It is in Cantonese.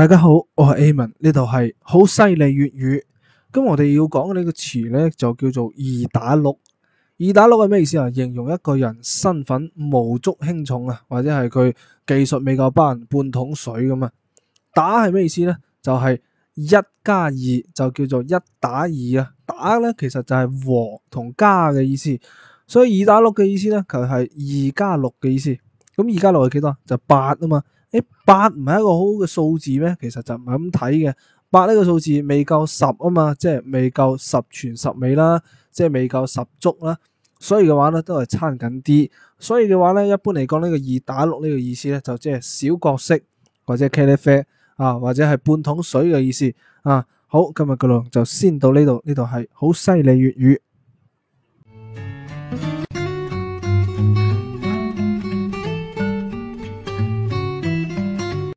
大家好，我係 Amin，呢度係好犀利粵語。咁我哋要講呢個詞呢，就叫做二打六。二打六係咩意思啊？形容一個人身份無足輕重啊，或者係佢技術未夠班，人半桶水咁啊。打係咩意思呢？就係、是、一加二，就叫做一打二啊。打呢，其實就係和同加嘅意思，所以二打六嘅意思呢，佢、就、係、是、二加六嘅意思。咁而家落去幾多？就八啊嘛，誒，八唔係一個好好嘅數字咩？其實就唔係咁睇嘅，八呢個數字未夠十啊嘛，即係未夠十全十美啦，即係未夠十足啦，所以嘅話咧都係差緊啲，所以嘅話咧一般嚟講呢個二打六呢個意思咧就即係小角色或者茄喱啡啊或者係半桶水嘅意思啊，好，今日嘅龍就先到呢度，呢度係好犀利粵語。